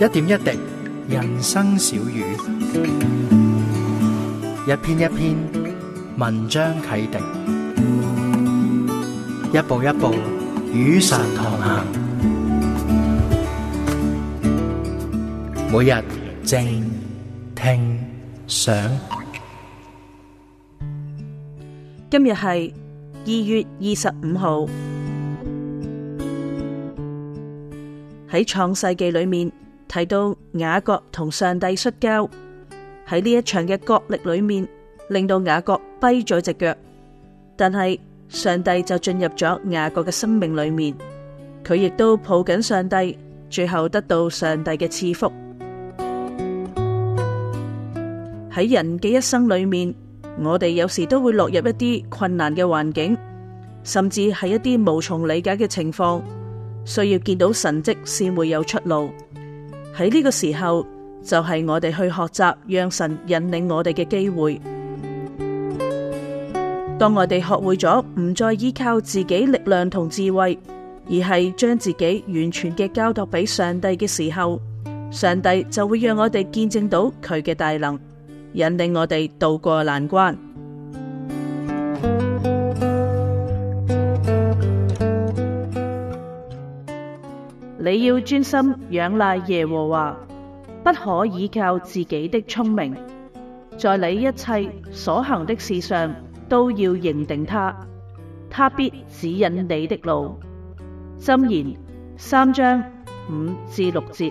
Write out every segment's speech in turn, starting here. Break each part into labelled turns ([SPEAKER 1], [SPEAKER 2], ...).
[SPEAKER 1] 一點一滴，人生小語；一篇一篇，文章啟迪；一步一步，與神同行。每日靜聽想，
[SPEAKER 2] 今日係二月二十五號。喺創世記裏面，提到雅各同上帝摔跤，喺呢一場嘅角力裏面，令到雅各跛咗隻腳，但係上帝就進入咗雅各嘅生命裏面，佢亦都抱緊上帝，最後得到上帝嘅賜福。喺人嘅一生裏面，我哋有時都會落入一啲困難嘅環境，甚至係一啲無從理解嘅情況，需要見到神蹟先會有出路。喺呢個時候，就係我哋去學習讓神引領我哋嘅機會。當我哋學會咗唔再依靠自己力量同智慧，而係將自己完全嘅交託俾上帝嘅時候，上帝就會讓我哋見證到佢嘅大能，引領我哋渡過難關。你要專心仰賴耶和華，不可倚靠自己的聰明，在你一切所行的事上都要認定他，他必指引你的路。箴言三章五至六節。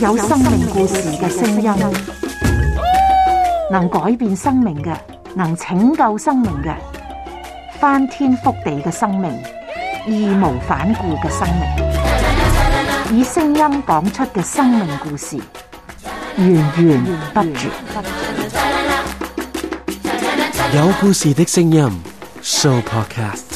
[SPEAKER 2] 有生命故事嘅聲音，能改變生命嘅，能拯救生命嘅，翻天覆地嘅生命，義無反顧嘅生命，以聲音講出嘅生命故事，源源不絕。
[SPEAKER 1] 有故事嘅聲音，Sooo Podcast。